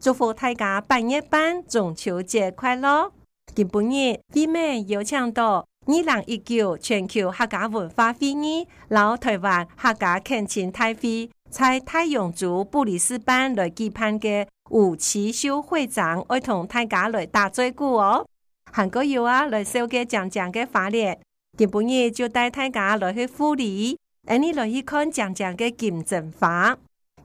祝福大家八月半中秋節快樂！今晡日啲咩邀請到二零一九全球客家文化會議，老台灣客家懇親大會，在太陽族布里斯本來舉辦嘅吳奇修會長會同大家來打嘴鼓哦！韓國有啊，來收嘅長長的花列，今晡日就帶大家來去護理，你來去看長長的見證花。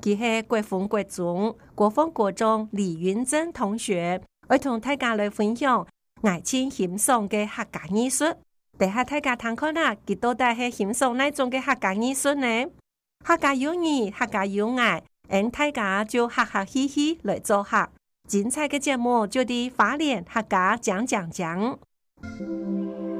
佢係國風國中國風國中李云珍同學，會同大家來分享愛情欣賞嘅客家藝術。底下大家聽課啦，佢多大係欣賞哪種嘅客家藝術呢？客家有你，客家有愛，嗯，大家就哈哈嘻嘻來做客。精彩嘅節目就地花蓮客家講講講。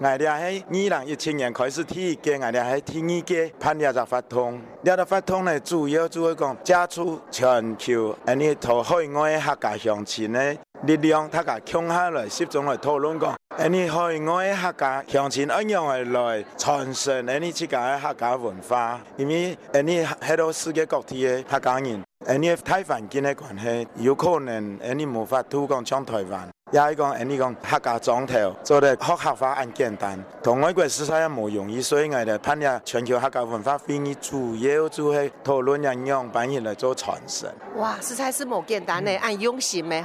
艾亮喺二零一七年開始第一屆，艾亮喺第二屆，潘家在發通，廖在發通的主要做講借助全球，安尼海外嘅客家鄉親咧力量，他,大家強下來始終來討論講，安尼海外哋客家鄉親一樣來來傳承，安尼自家客家文化，因為安尼很多世界各地嘅客家人，安尼太環境嘅關係，有可能安尼無法度講像台灣。也係講，誒你講客家裝條，做得學客家唔簡單，同外國實在也冇容易，所以我就辦下全球客家文化會議主要做係討論一樣，反而來做傳承。哇，實在是冇簡單的、嗯、按用心嘅。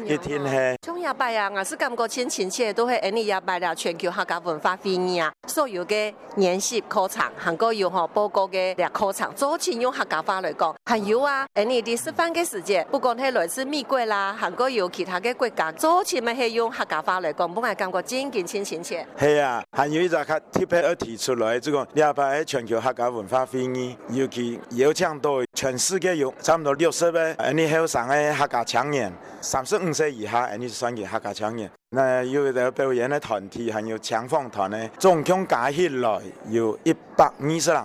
啲天氣中一拜啊！我、啊、是感覺親親切都係 any 一拜啦，全球客家文化會議啊，所有嘅年式考場、韓國遊學報告嘅考場，早前用客家話嚟講，還有啊，any 啲示範嘅時節，不管係來自美國啦，韓國有其他嘅國家，國家，早前咪係用客家話嚟講，本來感覺真緊親親切。係啊，還有一隻個特別而提出來，即講你 n y 一喺全球客家文化會議，尤其有相當全世界有差唔多六十位 any 後生嘅客家青年，三十五歲以下，跟住上嘅客家腔嘅，那要就表演嘅團體，還有唱方團咧，總共加起來有一百二十人。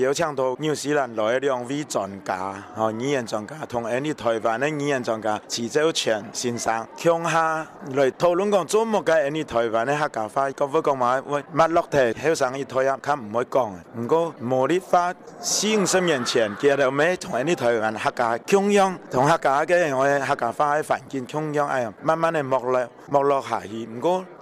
有請到紐西蘭來兩位專家，哦，語言專家同啲台灣啲語言專家池兆全先生，今日嚟討論講做乜嘢？啲台灣啲客家話講唔講話？物落地後上啲台客唔會講嘅，唔過茉莉花四五十年前，其實就咩同啲台灣客家腔音同客家嘅我客家話喺環境腔音，哎呀慢慢嘅沒落沒落下去，唔過。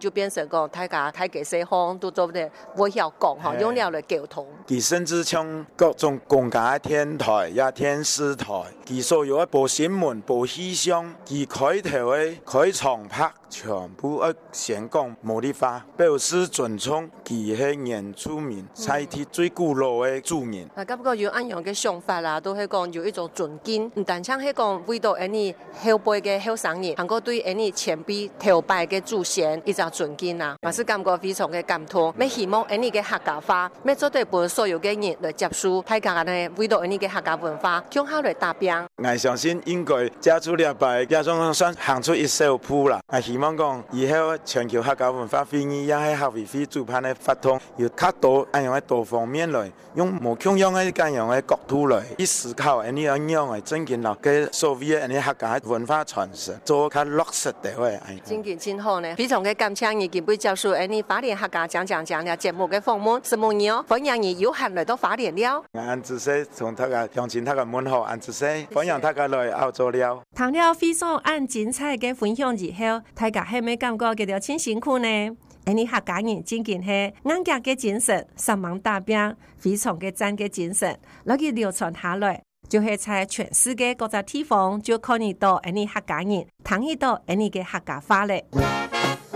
就變成講大家太嘅西方都做唔到，我要講嚇，用嚟溝通。其甚至像各種公家天台、嘅電視台，其所有，有播新聞、播戲商，佢開頭嘅開場拍，全部一上講冇啲花，表示尊重佢係原住民，拆鐵最古老嘅主人。啊，感覺過安按樣嘅想法啦，都係講有一種尊敬，但像係講，回到 any 後輩嘅後生人，韓國對 any 前輩頭牌嘅祖先，傳見啊，還是感覺非常嘅感動。我希望呢的客家話要做對，半所有的人來接受，大家呢，為做到的客家文化，將好來打拼。我相信應該借助兩敗，加上行出一小步啦。我希望講以後全球客家文化，會議也係客委會主辦嘅發通，要更多樣樣多方面來用無窮用呢咁樣嘅角度來去思考呢樣樣嘅傳承落嘅所謂嘅客家文化傳承，做佢落實，真好呢，非常嘅感，的感。請年前輩教授法講講講，哎，你華聯客家講講講了節目嘅豐滿，怎麼樣？鄱陽人又行來到法聯了。俺只是從來澳洲了。聽了非常按精彩嘅分享以後，大家還沒感覺佮條真辛苦呢。哎，你客家人真嘅係硬頸嘅精神，十萬大兵非常嘅讚嘅精神，攞去流傳下來，就是在全世界各個地方，就可能到哎你客家人，聽一道哎你嘅客家話嘞。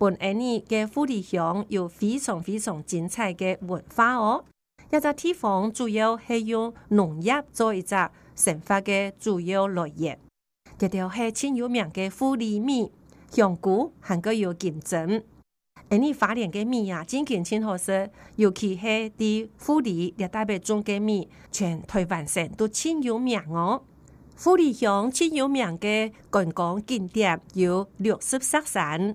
本年嘅富里鄉有非常非常精彩的文化哦。一個地方主要係用農業做一隻生發嘅主要來源，條條係真有名嘅富里米，鄉古還個要金針。呢年發展嘅米啊，真件親好食，尤其係啲富里熱帶被種嘅米，全台灣省都真有名哦。富里鄉真有名嘅觀光景點有六十十三。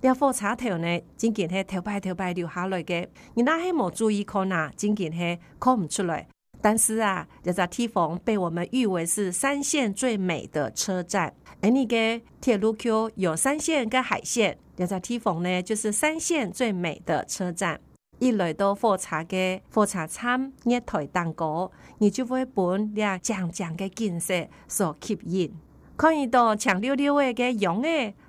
啲火車頭呢，漸漸係頭擺頭擺留下來嘅。你那係冇注意看啊，漸漸係看唔出來。但是啊，呢個地方被我們譽為是三線最美的車站。誒、哎，你個鐵路橋有三線跟海線，呢個地方呢，就是三線最美的車站。一來到火車嘅火車餐熱台蛋糕，你就會被呢個長長嘅景色所吸引，看以到長溜溜嘅嘅樣嘅。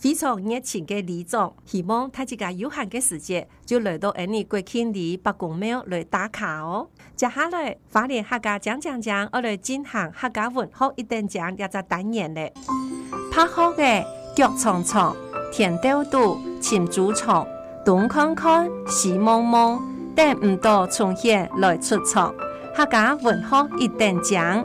非常熱情嘅李總，希望他這個有限嘅時間就來到俺哋國慶里八公廟來打卡哦。接下來，歡迎客家講講講，我來進行客家文化一等獎也在等你嘞。拍好嘅，腳長長，田兜多，錢足藏，東看看，西摸摸，等唔到出現來出場，客家文化一等獎。